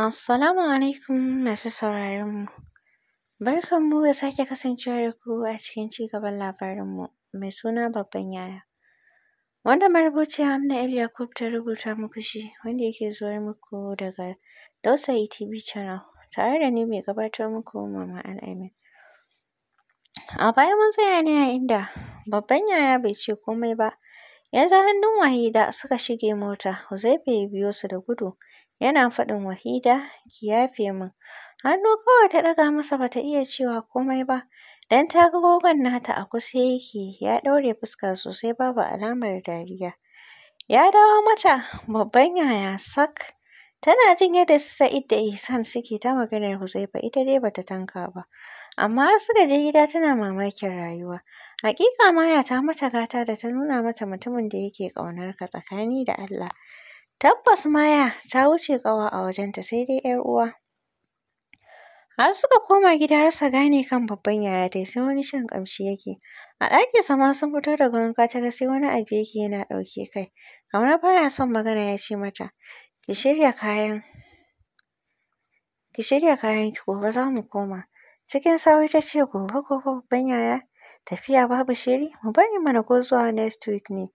Assalamu alaikum masu sauraron mu. Barkan mu da sake kasancewa da ku a cikin cigaban labarin mu mai suna babban yaya. Wanda marubuciya Hamna El ta rubuta muku shi wanda yake zuwa muku daga Dausayi TV channel tare da ni mai gabatar muku Mama Al'amin. A baya mun tsaya ne a inda babban yaya bai ce komai ba. Ya ja hannun Wahida suka shige mota, Huzaifa ya biyo su da gudu. yana faɗin wahida ki yafe min hannu kawai ta ɗaga masa bata iya cewa komai ba dan ta ga gogon nata a kusa yake ya ɗaure fuska sosai babu alamar dariya ya dawo mata babban yaya sak tana jin yadda su Sa'id da Ihsan suke ta maganar Huzaifa ita dai bata tanka ba amma har suka je gida tana mamakin rayuwa Haƙiƙa Maya ta mata gata da ta nuna mata mutumin da yake ƙaunar ka tsakani da Allah. Tabbas Maya ta wuce ƙawa a wajenta sai dai 'yar uwa. Har suka koma gida rasa gane kan babban yaya dai, sai wani shan kamshi yake. A ɗakinsa ma sun fito daga wanka ta ga sai wani abu yake yana ɗauke kai. Kamar baya son magana ya ce mata, ki shirya kayan ki shirya kayanki gobe za mu koma. Cikin sauri ta ce gobe gobe babban yaya? Tafiya babu shiri? Mu bari mana ko zuwa next week ne.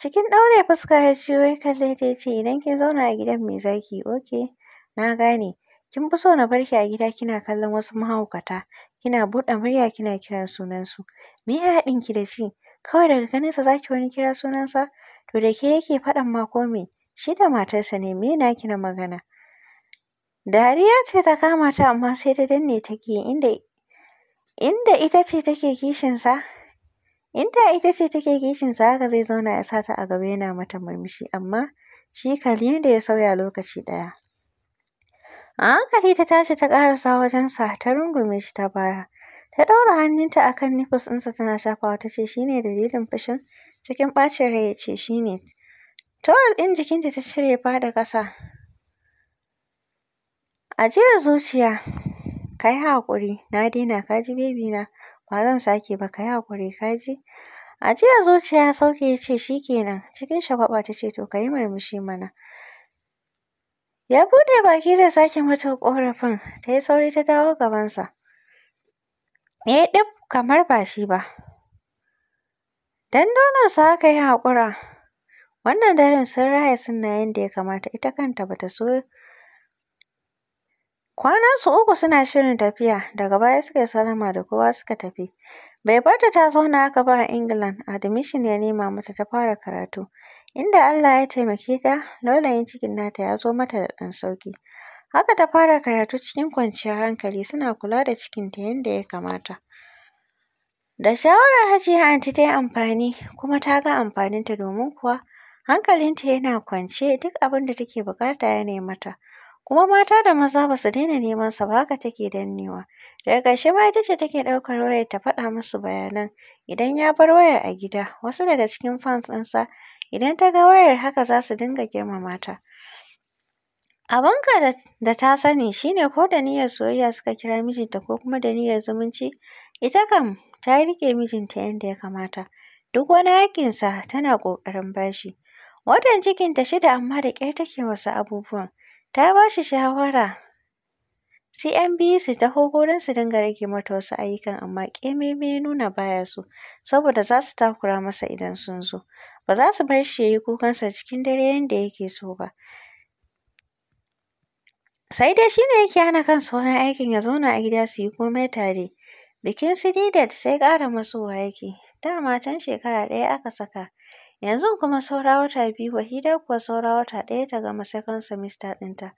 Cikin ɗaure fuska ya juyo ya kalle ta ya ce, Idan kin zauna a gidan me zaki, ok na gane. Kin fi so na bar ki a gida kina kallon wasu mahaukata, kina buɗe murya kina kiran sunansu. Me ya haɗin ki da shi? Kawai daga ganin sa zaki wani kira sunansa? To da ke yake faɗan ma ko me? Shi da matarsa ne, me naki na magana? Dariya ce ta kama ta amma sai ta danne ta ke inda inda ita ce take kishinsa. In ta ita ce take kishinsa haka zai zauna ya sa ta a gaba yana mata murmushi amma shi kalli da ya sauya lokaci ɗaya. A hankali ta tashi ta ƙarasa wajensa ta rungume shi ta baya. Ta ɗaura hannunta akan kan nifis ɗinsa tana shafawa ta ce shi dalilin fushin cikin ɓacin rai ya ce shi Towel ɗin jikinta ta cire faɗa ƙasa. Ajiyar zuciya. Ka yi haƙuri, na daina, kaji ji bebi na. ba zan sake ba ka yi haƙuri ka ji. Ajiya zuciya sauke ya ce shi kenan cikin shagwaɓa ta ce to ka yi murmushi mana. Ya bude baki zai sake mata korafin ta yi sauri ta dawo gabansa. Ya yi dab kamar ba shi ba. Dan sa aka yi haƙura. Wannan darin sun raya sunna yadda ya kamata ita kanta bata so Kwanansu uku suna shirin tafiya, daga baya suka yi salama da kowa suka tafi. Bai bar ta zauna aka ba a Ingilan, admission ya nema mata ta fara karatu, inda Allah ya taimake ta launayin cikin nata ya zo mata da ɗan sauƙi. Haka ta fara karatu cikin kwanciyar hankali suna kula da cikinta yadda ya kamata. Da shawarar Hajiya Anti ta yi amfani kuma ta ga amfaninta domin kuwa hankalinta yana kwance duk abin da take buƙata ya nemi mata. kuma mata da maza ba su daina neman sa ba haka take dannewa daga ƙarshe ma ita ce take ɗaukar wayar ta faɗa musu bayanan idan ya bar wayar a gida wasu daga cikin fans sa, idan ta ga wayar haka za su dinga girmama ta Abanka da ta sani shine ko da niyyar soyayya suka kira mijinta ko kuma da niyyar zumunci ita kam ta riƙe mijinta yadda ya kamata duk wani sa tana ƙoƙarin bashi watan cikinta shida amma da ƙyar take wasu abubuwan ta ba shi shawara sai ‘yan biyu su taho gurin su dinga rage mata wasu ayyukan amma kememe nuna baya so saboda za su takura masa idan sun zo ba za su bar shi ya yi kukansa cikin dare yadda yake so ba sai dai shi ne yake hana kansa wani aikin ya zauna a gida su yi komai tare bikin su sai ƙara matsowa yake dama matan shekara ɗaya aka saka Yanzu kuma saura wata biyu Wahida kuwa saura wata ɗaya ta gama second semester ɗinta.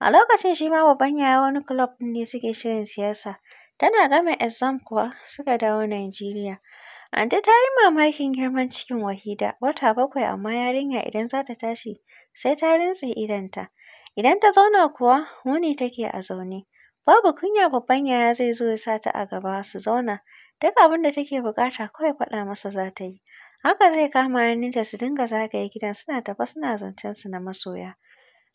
A lokacin shi ma babban yaya wani club ɗin ne suke shirin siyasa. Tana gama exam kuwa suka dawo Najeriya. Anti ta yi mamakin girman cikin Wahida, wata bakwai amma yarinya idan za ta tashi sai ta rintse idanta Idan ta zauna kuwa muni take a zaune. Babu kunya babban yaya zai zo ya sa ta a gaba su zauna. Duk abin da take bukata kawai faɗa masa za ta yi. Haka zai kama hannunta su dinga zagaye gidan suna tafe suna su na masoya.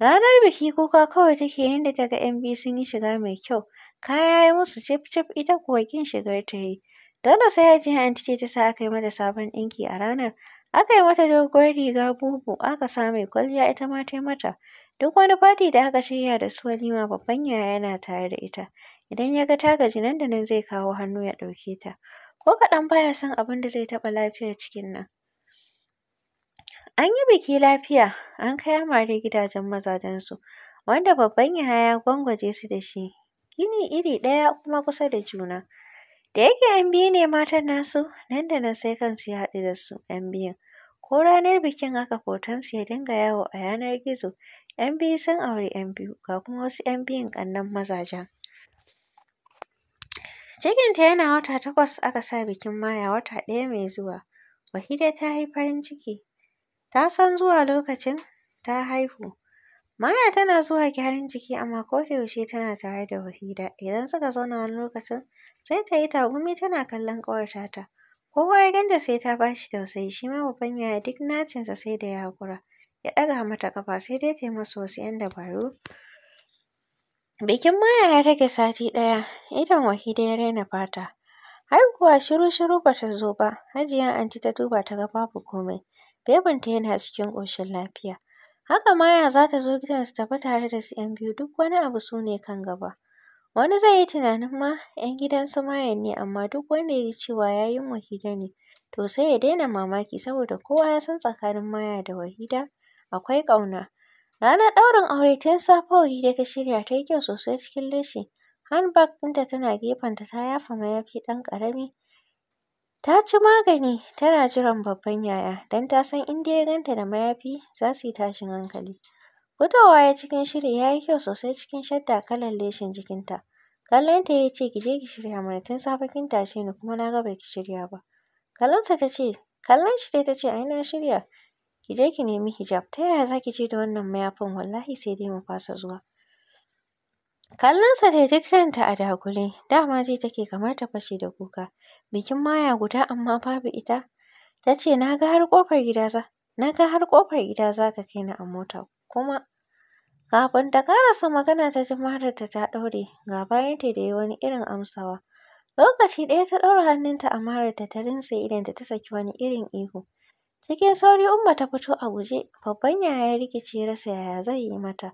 Ranar biki kuka kawai take yin ta ga ‘yan biyu sun yi shiga mai kyau. Kaya ya musu cif-cif ita kuwa kin shigar ta yi. Dole sai ji anti ce ta sa aka yi mata sabon ɗinki a ranar. Aka yi mata doguwar riga bubu aka sa mai kwalliya ita ma ta yi mata. Duk wani fati da aka shirya da su walima babban yaya yana tare da ita. Idan ya ga ta gaji nan da nan zai kawo hannu ya ɗauke ta. ko kaɗan baya san abin da zai taɓa lafiyar cikin nan an yi biki lafiya an kai amare gidajen mazajensu wanda babban yahaya gwangwaje su da shi gini iri ɗaya kuma kusa da juna da yake yan biyu ne matan nasu nan da nan sai kansu ya haɗu da su yan biyun ko ranar bikin haka hotonsu ya dinga yawo a yanar gizo yan biyu sun auri yan biyu ga kuma wasu yan biyun ƙannen mazajen Cikinta yana wata takwas aka sa bikin Maya wata ɗaya mai zuwa. Wahida ta yi farin ciki. Ta san zuwa lokacin ta haihu. Maya tana zuwa gyaran jiki amma kodayaushe tana tare da Wahida. Idan suka zauna wani lokacin sai ta yi tagumi tana kallon ƙawarta ta. Kowa ya ganta sai ta bashi shi tausayi shi ma babban yaya duk nacinsa sai da ya haƙura. Ya ɗaga mata ƙafa sai dai ta yi masa wasu ‘yan dabaru Bikin Maya ya rage sati ɗaya, idan Wahida ya raina fata. Haihuwa shiru-shiru ba ta zo ba, Hajiya Anti ta duba ta ga babu komai. Bebinta yana cikin ƙoshin lafiya. Haka Maya za ta zo gidan su tafi tare da su ‘yan biyu duk wani abu su ne kan gaba. Wani zai yi tunanin ma ‘yan gidan su Mayan ne amma duk wanda ya ji cewa yayin Wahida ne to sai ya daina mamaki saboda kowa ya san tsakanin Maya da Wahida akwai ƙauna. Ranar ɗaurin aure tun safe Wuridi ta shirya ta yi kyau sosai cikin leshi. Handbag ɗinta tana gefenta ta yafa mayafi ɗan ƙarami. Ta ci magani tana jiran babban yaya don ta san in dai ya ganta da mayafi za su yi tashin hankali. Fitowa ya cikin shiri ya yi kyau sosai cikin shadda kalar leshin jikinta. Kallonta ya ce ki je ki shirya mana tun safe kin tashe ni kuma na ga ba ki shirya ba. Kallonsa kallon shi dai ta ce ai na shirya. ki je ki nemi hijab ta yaya za ki je da wannan mayafin wallahi sai dai mu fasa zuwa kallonsa dai duk ranta a dagule dama ji take kamar ta fashe da kuka bikin maya guda amma babu ita ta ce na ga har kofar gida za na ga har kofar gida za ka kai ni a mota kuma kafin ta karasa magana ta ji mararta ta daure, ga bayanta ta dai wani irin amsawa lokaci ɗaya ta ɗaura hannunta a mararta ta rintse idan ta saki wani irin ihu Cikin sauri Umma ta fito a guje, babban yaya ya rikice ya rasa yaya zai yi mata.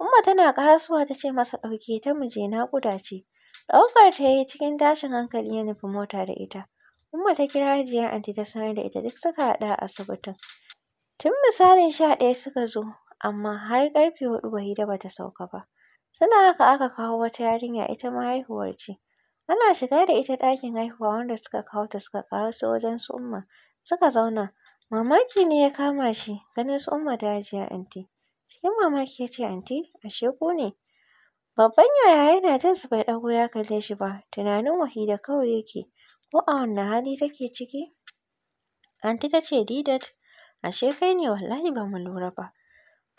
Umma tana karasuwa ta ce masa ɗauke ta muje naƙuda ce. Ɗaukar ta yi cikin tashin hankali ya nufi mota da ita. Umma ta kira hajiyar anti ta sanar da ita duk suka haɗu a asibitin. Tun misalin sha ɗaya suka zo, amma har ƙarfe huɗu Wahida ba ta sauka ba. Suna haka aka kawo wata yarinya ita ma haihuwar ce. Ana shiga da ita ɗakin haihuwa wanda suka kawo ta suka ƙaraso wajen su Umma suka zauna. Mamaki ne ya kama shi ganin su Umma da ajiya Anti. Cikin mamaki ya ce, Anti, ashe ku ne? Babban yaya yana jin su bai ɗago ya kalle shi ba, tunanin Wahida kawai yake, ko a wanne hali take ciki? Anti ta ce, Didat, ashe kai ne wallahi ba mu lura ba.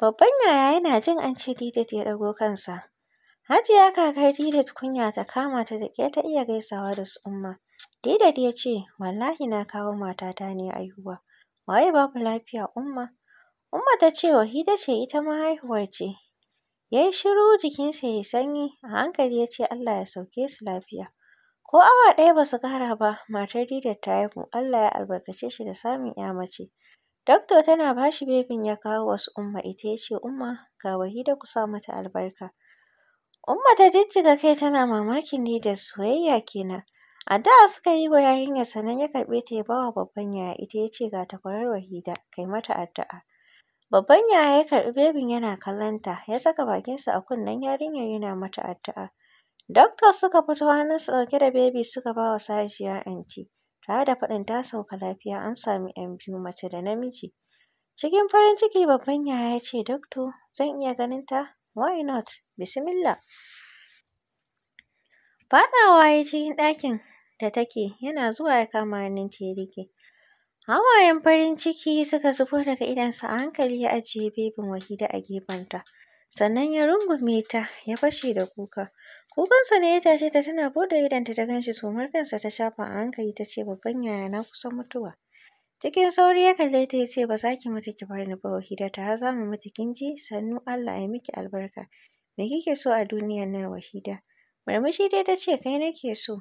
Babban yaya yana jin an ce Didat ya ɗago kansa. Hajiya kakar Didat kunya ta kama ta da ƙyar ta iya gaisawa da su Umma. Didat ya ce, wallahi na kawo matata ne aihuwa. waye babu lafiya Umma? Umma ta ce Wahida ce ita mahaifiyar ce. Ya yi shiru jikinsa ya yi sanyi, a hankali ya ce Allah ya sauke su lafiya. Ko awa ɗaya ba su ƙara ba, matar didar ta haihu, Allah ya albarkace shi da samun ‘ya mace. Dakto tana ba shi bebin ya kawo wasu Umma ita ya ce Umma ga Wahida ku sa mata albarka. Umma ta jijjiga kai tana mamakin Didar soyayya kenan. A da, suka yi wa yarinyar sannan ya karɓe ta ya bawa babban yaya ita ya ce ga takwarar Wahida kai mata addu'a. Babban yaya ya karɓi bebin yana kallon ta ya saka bakinsa a kunnen yarinyar yana mata addu'a. Doctors suka fito hannunsu ɗauke da bebi suka ba wa sajiya anti tare da faɗin ta sauka lafiya an sami 'yan biyu mace da namiji. Cikin farin ciki babban yaya ya ce doctor zan iya ganin ta? Why not? Bismillah. Faɗawa ya yi cikin ɗakin da take yana zuwa ya kama hannunta ya riƙe. Hawayen farin ciki suka zubo daga idonsa a hankali ya ajiye bebin Wahida a gefenta. Sannan ya rungume ta ya fashe da kuka. Kukansa ne ya tashe ta tana buɗe idonta ta gan shi kansa ta shafa a hankali ta ce babban yaya na kusan mutuwa. Cikin sauri ya kalle ta ya ce ba za ki mutu ki bar ni ba Wahida tare za mu mutu kin ji sannu Allah ya miki albarka. Me kike so a duniyan nan Wahida? Murmushi dai ta ce kai nake so.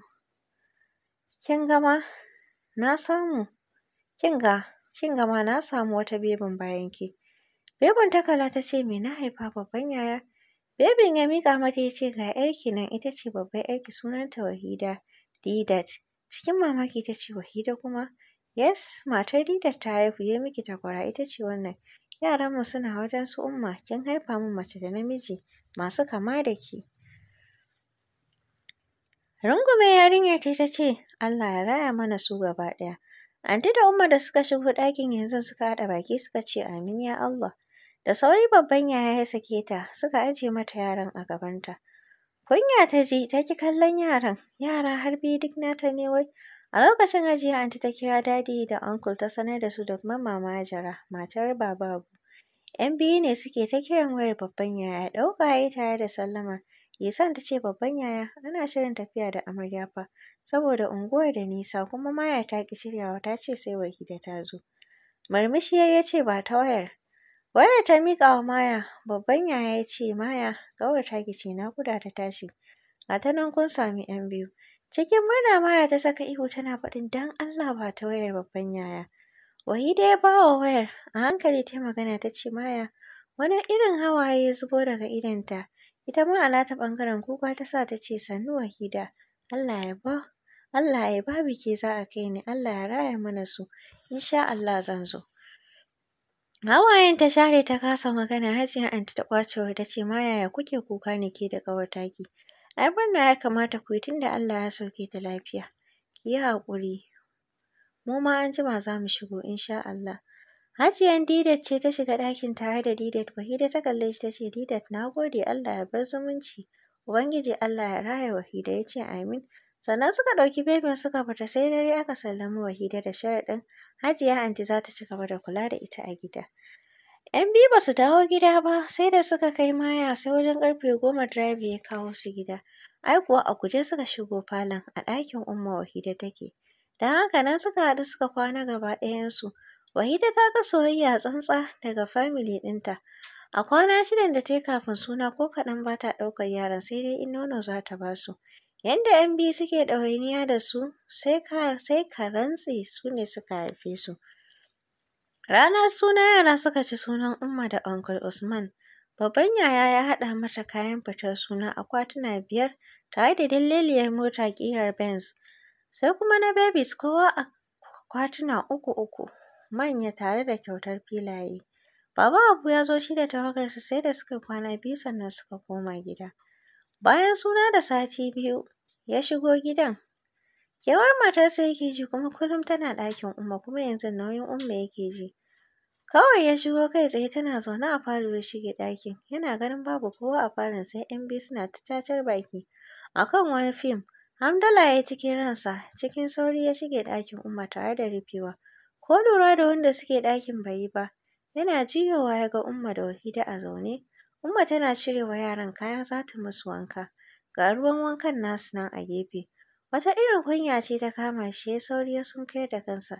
Kin gama na samu. Kin ga, kin gama na samu wata bebin bayan ki. Bebin ta kala ta ce me na haifa babban yaya. Bebin ya miƙa mata ya ce ga yarki nan ita ce babban yarki sunanta Wahida Didat. Cikin mamaki ta ce Wahida kuma? Yes, matar Didat ta haihu ya miki takwara ita ce wannan. Yaranmu suna wajen su umma kin haifa min mace da namiji masu kama da ki. Rungume yarinyar ta ce, Allah ya raya mana su gaba ɗaya. Anti da Umma da suka shigo ɗakin yanzu suka haɗa baki suka ce amin ya Allah. Da sauri babban yaya ya sake ta suka ajiye mata yaran a gabanta. Kunya ta ji ta ki kallon yaran, yara har biyu duk nata ne wai. A lokacin ajiya anti ta kira dadi da uncle ta sanar da su da kuma mama Jara, matar baba Abu. ‘Yan biyu ne suke ta kiran wayar babban yaya ɗauka ya tare da sallama. Lisan ta ce babban yaya ana shirin tafiya da amarya fa saboda unguwar da nisa kuma Maya ta ki shiryawa ta ce sai Wahida ta zo. Murmushi ya ce ba ta wayar. Wayar ta miƙa wa Maya babban yaya ya ce Maya ƙawar ta ki ce naƙuda ta tashi A ta nan kun sami 'yan biyu. Cikin murna Maya ta saka ihu tana faɗin dan Allah ba ta wayar babban yaya. Wahida ya ba wa wayar, a hankali ta magana ta ce Maya, wani irin hawaye ya zubo daga idonta. Ita ma a nata ɓangaren kuka ta sa ta ce sannu wahida, Allah ya ba Allah ya ba bike za a kai ni, Allah ya raya mana su, insha Allah zan zo. Hawayen ta share ta kasa magana har sai anti ta kwace ta ce ma yaya kuke kuka ne ke da ƙawartaki. Ai murna ya kamata ku yi tunda Allah ya sauke ta lafiya. Ki yi haƙuri. Mu ma an jima za mu shigo insha Allah. Hajiyan Didat ce ta shiga ɗakin tare da Didat. Wahida ta kalle shi ta ce, Didat na gode Allah ya bar zumunci. Ubangiji Allah ya raya Wahida ya ce amin. Sannan suka ɗauki bebin suka fita sai dare aka sallami Wahida da sharaɗin Hajiya anti za ta ci gaba da kula da ita a gida. ‘Yan biyu ba su dawo gida ba sai da suka kai maya sai wajen ƙarfe goma drive ya kawo su gida. Ai kuwa a guje suka shigo falon a ɗakin Umma Wahida take. Don haka nan suka haɗu suka kwana gaba ɗayansu. Wahida ta ga soyayya tsantsa daga family ɗinta. A kwana shidan da ta yi kafin suna ko kaɗan ba ta ɗaukar yaran sai dai in nono za ta ba su. Yanda ‘yan biyu suke ɗawainiya da su sai ka rantse su ne suka haife su. Ranar suna yara suka ci sunan Umma da Uncle Usman. Babban yaya ya haɗa mata kayan fitar suna akwatuna biyar tare da dalliliyar mota ƙirar Benz. Sai kuma na babies kowa akwatuna uku uku. manya tare da kyautar filaye. Baba Abu ya zo shi da tawagarsa sai da suka kwana biyu sannan suka koma gida. Bayan suna da sati biyu, ya shigo gidan. Kewar matarsa yake ji kuma kullum tana ɗakin Umma kuma yanzu nauyin Umma yake ji. Kawai ya shigo kai tsaye tana zaune a falo ya shige ɗakin. Yana ganin babu kowa a falon sai ‘yan biyu suna ta cacar baki A kan wani fim. Hamdala ya yi cikin ransa, cikin sauri ya shige ɗakin Umma tare da rufewa. Ko lura da wanda suke ɗakin bai ba, yana jiyowa ya ga Umma da Wahida a zaune. Umma tana cirewa yaran kaya za ta musu wanka. Ga ruwan wankan nasu nan a gefe. Wata irin kunya ce ta kama shi ya sauri ya sunkuyar da kansa.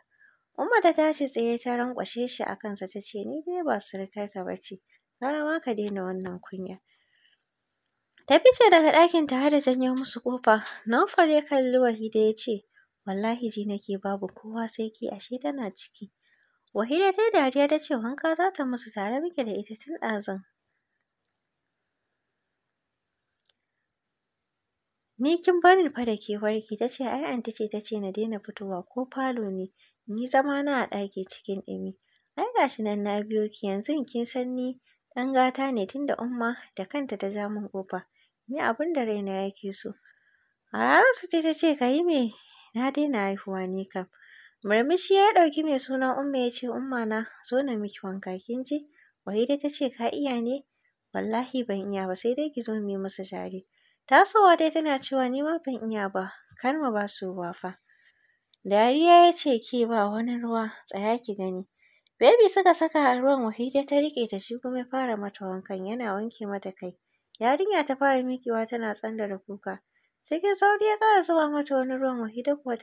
Umma ta tashi tsaye ta rankwashe shi a kansa ta ce ni dai ba ka ba ce, gara ma ka daina wannan kunya. Ta fice daga ɗakin har da janyo musu ƙofa. fa ya kalli Wahida ya ce Wallahi ji nake babu kowa sai ki ashe tana ciki. Wahida ta dariya ta ce wanka za ta musu tare muke da ita tun ɗazun. Ni kin bari fa da ke warki ta ce ai anti ce ta ce na daina fitowa ko falo ne ni zama na a ɗaki cikin ɗumi. Ai gashi nan na biyo ki yanzu kin san ni ɗan gata ne tunda umma da kanta ta ja min ƙofa. Ni abinda da raina yake so. A ce ta ce ka yi me na daina haihuwa ni kam. Murmushi ya ɗauki mai sunan Umma ya ce Umma na zo na miki wanka kin ji? Wahida ta ce ka iya ne? Wallahi ban iya ba sai dai ki zo mu yi musu tare. Tasowa dai tana cewa ni ma ban iya ba kar mu ba su ruwa fa. Dariya ya ce ke ba wani ruwa tsaya ki gani. Baby suka saka a ruwan wahida ta riƙe ta shi kuma ya fara mata wankan yana wanke mata kai. Yarinya ta fara miƙewa tana tsandara kuka. Cikin sauri ya ƙara zuba mata wani ruwan wahida kuwa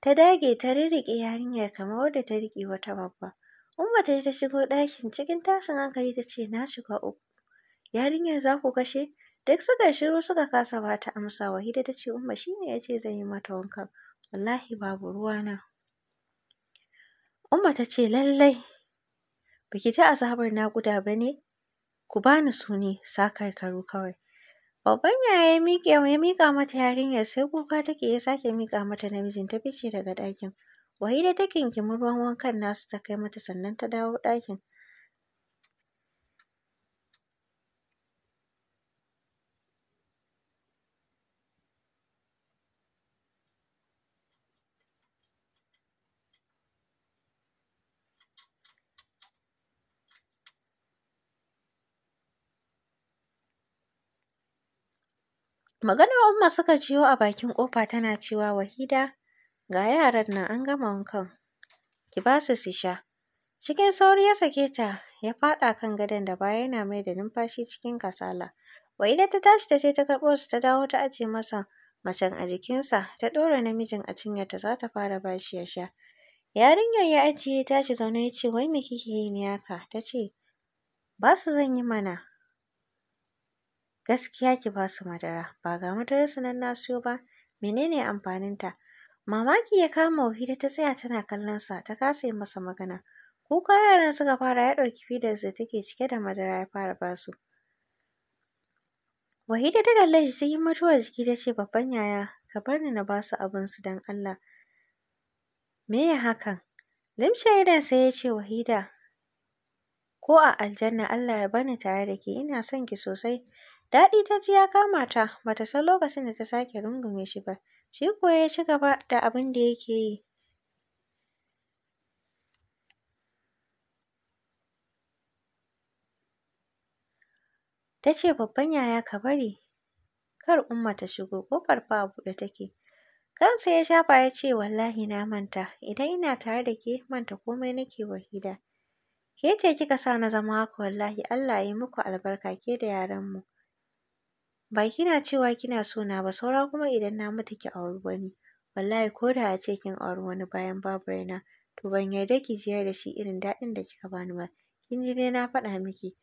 ta dage ta rirriƙe yarinyar kamar wadda ta riƙe wata babba. Umma ta ta shigo ɗakin cikin tashin hankali ta ce na shiga uku. Yarinyar za ku kashe? Duk suka shiru suka kasa ba ta amsa wahida ta ce Umma shi ne ya ce zan yi mata wanka. Wallahi babu ruwa na. Umma ta ce lallai baki ta azabar naƙuda ba ne? Ku bani su ne karu kawai. Babban yaya ya miƙe ya miƙa mata yarinya sai kuka take ya sake miƙa mata namijin ta fice daga ɗakin. Wahida ta kinkimi ruwan wankan nasu ta kai mata sannan ta dawo ɗakin. Maganar Umma suka jiyo a bakin kofa tana cewa Wahida ga yaran nan an gama wankan ki ba su su sha. Cikin sauri ya sake ta ya faɗa kan gadon da baya yana mai da numfashi cikin kasala. Wahida ta tashi ta je ta karɓo su ta dawo ta ajiye masa macen a jikinsa ta ɗora namijin a cinyarta za ta fara ba ya sha. Yarinyar ya ajiye ya tashi zaune ya ce wai me kike yi ni haka? Ta ce ba su zan yi mana. Gaskiya ki ba su madara, ba ga su nan na siyo ba, menene ta Mamaki ya kama Wahida ta tsaya tana kallon sa, ta kasa yi masa magana. Kuka yaran suka fara ya ɗauki fidar da take cike da madara ya fara ba su. Wahida ta kalle shi sai mutuwar jiki ta ce babban yaya ka bar ni na ba su su, don Allah. Me ya hakan? Limshe idan sai ya ce Wahida ko a aljanna Allah ya bani tare da ke ina son ki sosai. Daɗi ta ji ya kama ta, ba ta san lokacin da ta sake rungume shi ba. Shi kuwa ya ci gaba da abin da yake yi. Ta ce babban yaya ka bari, kar Umma ta shigo, ƙofar fa a buɗe take. Kansa ya shafa ya ce wallahi na manta, idan ina tare da ke manta komai nake wahida. Ke ce kika sa na zama haka wallahi Allah ya yi muku albarka ke da yaranmu. Ba kina cewa kina so na ba saura kuma idan na mutu ki auri wani. Wallahi ko da a ce kin auri wani bayan babu raina to ban yarda ki jiyar da shi irin daɗin da kika bani ba. Kin ji dai na faɗa miki.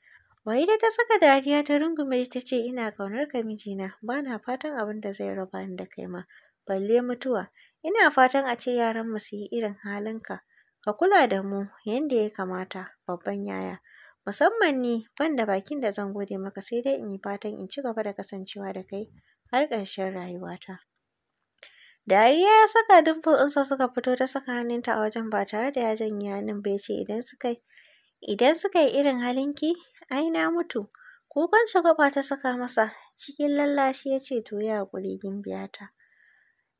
da ta saka dariya ta rungume ta ce ina kaunar ka mijina ba na fatan abin da zai raba ni da kai ma balle mutuwa ina fatan a ce yaran mu su yi irin halinka ka kula da mu yadda ya kamata babban yaya Musamman ni ban da bakin da zan gode maka sai dai in yi fatan in ci gaba da kasancewa da kai har ƙarshen rayuwata. Dariya ya saka dimple ɗinsa suka fito ta saka hannunta a wajen ba tare da ya janye hannun ba ya ce idan suka idan suka yi irin halinki ai na mutu. Kukan shagwaɓa ta saka masa cikin lallashi ya ce to ya haƙuri gimbiyata.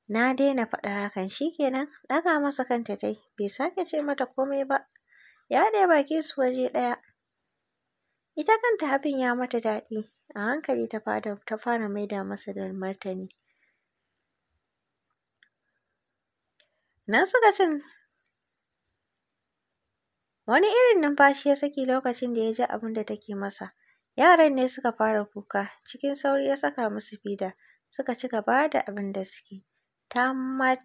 Na daina faɗar hakan shi kenan ɗaga masa kanta tai bai sake ce mata komai ba. Ya haɗe baki su waje ɗaya Ita kanta abin ya mata daɗi, a hankali ta fara, ta fara maida masa da martani. Nan suka cin wani irin numfashi ya saki lokacin da ya ji abin da take masa. Yaran ne suka fara kuka, cikin sauri ya saka musu fida, suka ci gaba da abin da suke. ta mat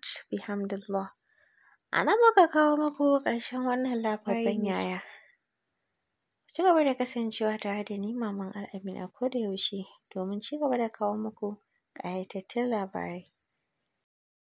A nan muka kawo maku ƙarshen wannan labarin yaya. Ci gaba da kasancewa tare da ni Maman Al-Amin a koda yaushe domin ci gaba da kawo muku ƙayatattun labarai.